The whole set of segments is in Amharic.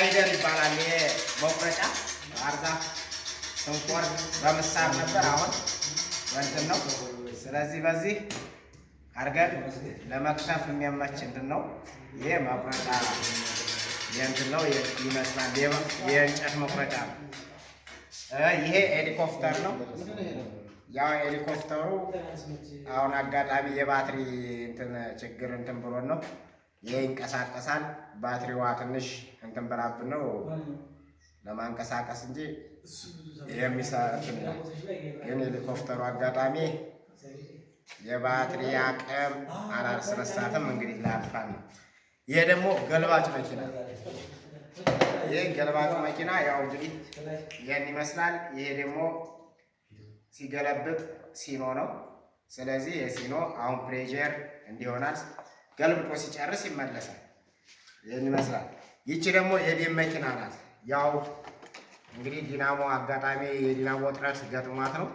ግላይደር ይባላል። ይሄ መቁረጫ አርዛ ስንኮር በምሳር ነበር፣ አሁን በእንትን ነው። ስለዚህ በዚህ አርገን ለመክተፍ የሚያመች እንትን ነው። ይሄ መቁረጫ የእንትን ነው ይመስላል፣ የእንጨት መቁረጫ ነው። ይሄ ሄሊኮፕተር ነው። ያው ሄሊኮፕተሩ አሁን አጋጣሚ የባትሪ እንትን ችግር እንትን ብሎን ነው ይንቀሳቀሳል። ባትሪዋ ትንሽ እንትን ብላብን ነው ለማንቀሳቀስ እንጂ የሚሰራትን ግን ሄሊኮፕተሩ አጋጣሚ የባትሪ አቅም አላስረሳትም። እንግዲህ ለአልፋ ነው። ይሄ ደግሞ ገልባጭ መኪና ይህ ገልባጭ መኪና ያው እንግዲህ ይህን ይመስላል። ይሄ ደግሞ ሲገለብጥ ሲኖ ነው። ስለዚህ የሲኖ አሁን ፕሬዠር እንዲሆናል ገልብጦ ሲጨርስ ይመለሳል። ይህን ይመስላል። ይቺ ደግሞ የዲን መኪና ናት። ያው እንግዲህ ዲናሞ አጋጣሚ የዲናሞ ጥረት ገጥሟት ነው።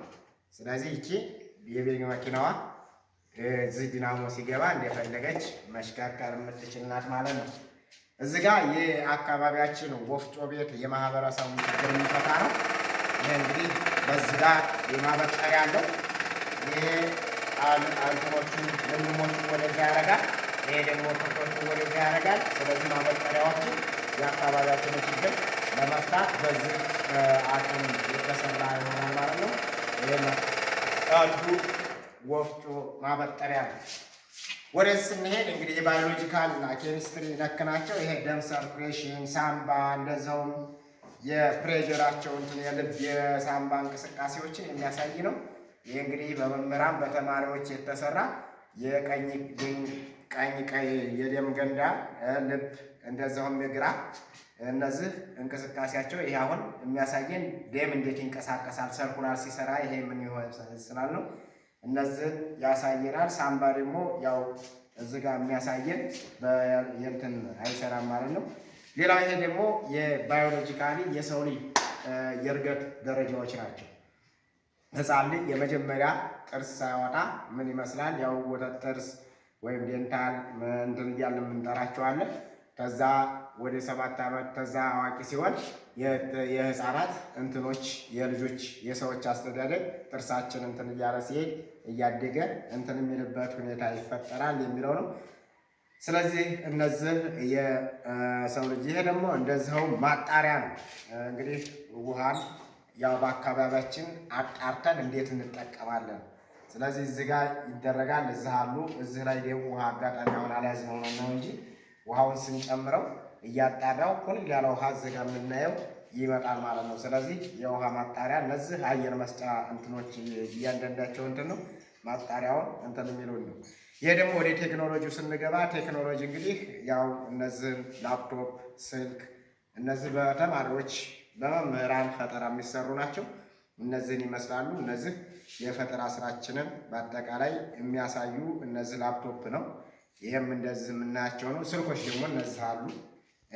ስለዚህ ይቺ የቤኝ መኪናዋ እዚህ ዲናሞ ሲገባ እንደፈለገች መሽከርከር የምትችል ናት ማለት ነው። እዚህ ጋ የአካባቢያችን ወፍጮ ቤት የማህበረሰቡ ችግር የሚፈታ ነው። ይህ እንግዲህ በዚህ ጋ የማበጠሪያ አለው። ይሄ አንትኖቹን ልምሞቹ ወደዛ ያደርጋል። ይሄ ደግሞ ትኩረቱ ወደዛ ያደርጋል። ስለዚህ ማበጠሪያዎችን የአካባቢያችንን ችግር ለመፍታት በዚህ አቅም የተሰራ ይሆናል ማለት ነው። አንዱ ወፍጮ ማበጠሪያ ነው። ወደዚህ ስንሄድ እንግዲህ የባዮሎጂካል እና ኬሚስትሪ ነክ ናቸው። ይሄ ደም ሰርኩሌሽን፣ ሳምባ እንደዛውም የፕሬዠራቸውን የልብ የሳምባ እንቅስቃሴዎችን የሚያሳይ ነው። ይህ እንግዲህ በመምህራን በተማሪዎች የተሰራ የቀኝ ቀኝ ቀይ የደም ገንዳ ልብ፣ እንደዚሁም የግራ እነዚህ እንቅስቃሴያቸው ይሄ አሁን የሚያሳየን ደም እንዴት ይንቀሳቀሳል ሰርኩላር ሲሰራ ይሄ ምን ይሆን ስላል ነው። እነዚህ ያሳየናል። ሳምባ ደግሞ ያው እዚህ ጋር የሚያሳየን የእንትን አይሰራም ማለት ነው። ሌላው ይሄ ደግሞ የባዮሎጂካሊ የሰው ልጅ የእርገት ደረጃዎች ናቸው። ህፃን ልጅ የመጀመሪያ ጥርስ ሳያወጣ ምን ይመስላል? ያው ወተት ጥርስ ወይም ዴንታል እንትን እያለ የምንጠራቸዋለን። ከዛ ወደ ሰባት ዓመት ከዛ አዋቂ ሲሆን የህፃናት እንትኖች የልጆች የሰዎች አስተዳደግ ጥርሳችን እንትን እያለ ሲሄድ እያደገ እንትን የሚልበት ሁኔታ ይፈጠራል የሚለው ነው። ስለዚህ እነዚህ የሰው ልጅ ይሄ ደግሞ እንደዚው ማጣሪያ ነው። እንግዲህ ውሃን ያው በአካባቢያችን አጣርተን እንዴት እንጠቀማለን ስለዚህ እዚህ ጋር ይደረጋል፣ እዚህ አሉ። እዚህ ላይ ደግሞ ውሃ አጋጣሚ አሁን አልያዝነው ነው እንጂ ውሃውን ስንጨምረው እያጣራው ሁን ያለ ውሃ እዚህ ጋር የምናየው ይመጣል ማለት ነው። ስለዚህ የውሃ ማጣሪያ እነዚህ አየር መስጫ እንትኖች እያንዳንዳቸው እንትን ነው ማጣሪያውን እንትን የሚሉን ነው። ይሄ ደግሞ ወደ ቴክኖሎጂው ስንገባ ቴክኖሎጂ እንግዲህ ያው እነዚህን ላፕቶፕ፣ ስልክ እነዚህ በተማሪዎች በመምህራን ፈጠራ የሚሰሩ ናቸው። እነዚህን ይመስላሉ። እነዚህ የፈጠራ ስራችንን በአጠቃላይ የሚያሳዩ እነዚህ ላፕቶፕ ነው። ይህም እንደዚህ የምናያቸው ነው። ስልኮች ደግሞ እነዚህ አሉ፣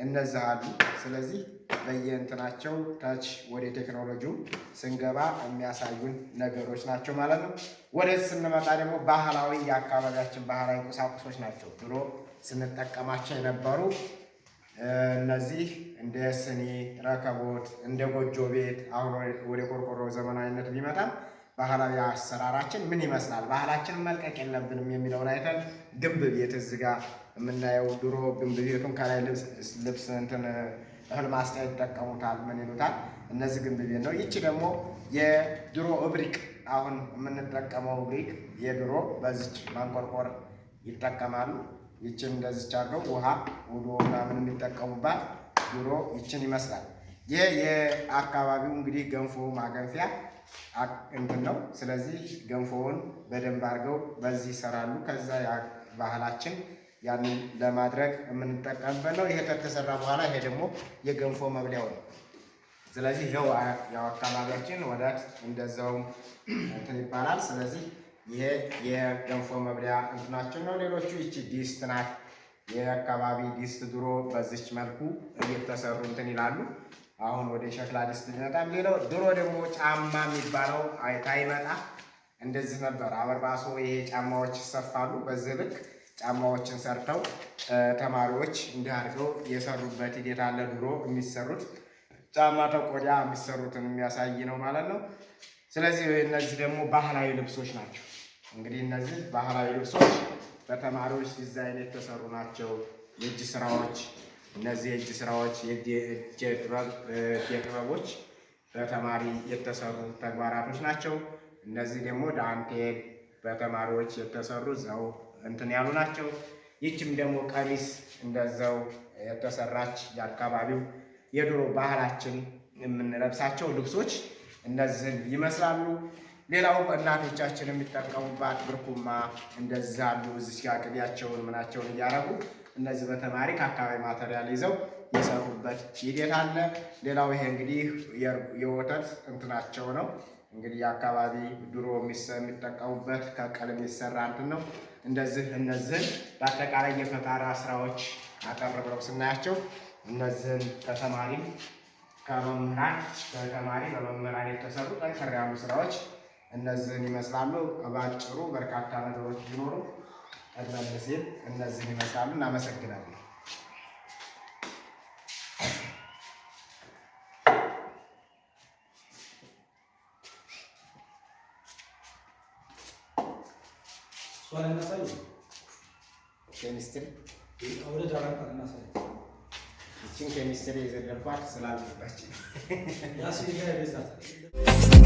እነዚህ አሉ። ስለዚህ በየእንትናቸው ታች ወደ ቴክኖሎጂው ስንገባ የሚያሳዩን ነገሮች ናቸው ማለት ነው። ወደ ስንመጣ ደግሞ ባህላዊ የአካባቢያችን ባህላዊ ቁሳቁሶች ናቸው። ድሮ ስንጠቀማቸው የነበሩ እነዚህ እንደ ስኒ ረከቦት እንደ ጎጆ ቤት አሁን ወደ ቆርቆሮ ዘመናዊነት ቢመጣ ባህላዊ አሰራራችን ምን ይመስላል፣ ባህላችንን መልቀቅ የለብንም የሚለውን አይተን ግንብ ቤት እዚጋ የምናየው ድሮ ግንብ ቤቱን ከላይ ልብስ እንትን እህል ማስጫ ይጠቀሙታል። ምን ይሉታል? እነዚህ ግንብ ቤት ነው። ይቺ ደግሞ የድሮ እብሪቅ አሁን የምንጠቀመው እብሪቅ የድሮ በዚች ማንቆርቆር ይጠቀማሉ። ይችን እንደዚች አድርገው ውሃ ውዶ ምናምን የሚጠቀሙባት ኑሮ ይችን ይመስላል። ይህ የአካባቢው እንግዲህ ገንፎ ማገንፊያ እንትን ነው። ስለዚህ ገንፎውን በደንብ አድርገው በዚህ ይሰራሉ። ከዛ ባህላችን ያንን ለማድረግ የምንጠቀምበት ነው። ይሄ ከተሰራ በኋላ ይሄ ደግሞ የገንፎ መብሊያው ነው። ስለዚህ ይኸው ያው አካባቢያችን ወዳት እንደዛውም እንትን ይባላል። ስለዚህ ይሄ የገንፎ መብሊያ እንትናችን ነው። ሌሎቹ ይቺ ዲስት ናት። የአካባቢ ዲስት ድሮ በዚች መልኩ እየተሰሩ እንትን ይላሉ። አሁን ወደ ሸክላ ዲስት ይመጣል። ሌላው ድሮ ደግሞ ጫማ የሚባለው ታይመጣ እንደዚህ ነበር። አበርባሶ ይሄ ጫማዎች ይሰፋሉ። በዚህ ልክ ጫማዎችን ሰርተው ተማሪዎች እንዲህ የሰሩበት ሂደት አለ። ድሮ የሚሰሩት ጫማ ተቆዳ የሚሰሩትን የሚያሳይ ነው ማለት ነው። ስለዚህ እነዚህ ደግሞ ባህላዊ ልብሶች ናቸው። እንግዲህ እነዚህ ባህላዊ ልብሶች በተማሪዎች ዲዛይን የተሰሩ ናቸው። የእጅ ስራዎች እነዚህ የእጅ ስራዎች የጥበቦች በተማሪ የተሰሩ ተግባራቶች ናቸው። እነዚህ ደግሞ ዳንቴል በተማሪዎች የተሰሩ ዘው እንትን ያሉ ናቸው። ይችም ደግሞ ቀሚስ እንደዘው የተሰራች የአካባቢው የድሮ ባህላችን የምንለብሳቸው ልብሶች እነዚህን ይመስላሉ። ሌላው እናቶቻችን የሚጠቀሙባት ብርኩማ እንደዛ አሉ። እዚህ ጋር ቅቤያቸውን ምናቸውን እያረጉ እነዚህ በተማሪ ከአካባቢ ማተሪያል ይዘው የሰሩበት ሂደት አለ። ሌላው ይሄ እንግዲህ የወተት እንትናቸው ነው። እንግዲህ የአካባቢ ድሮ የሚጠቀሙበት ከቀለም የሚሰራ እንትን ነው። እንደዚህ እነዚህን በአጠቃላይ የፈጠራ ስራዎች አጠር ብለው ስናያቸው እነዚህን ከተማሪ ከመምህራን በተማሪ በመምህራን የተሰሩ ጠንከር ያሉ ስራዎች እነዚህን ይመስላሉ። በአጭሩ በርካታ ነገሮች ቢኖሩ ጠቅለል ሲል እነዚህን ይመስላሉ። እናመሰግናለን። ኬሚስትሪ ይህችን ኬሚስትሪ የዘለባት ስላልባችን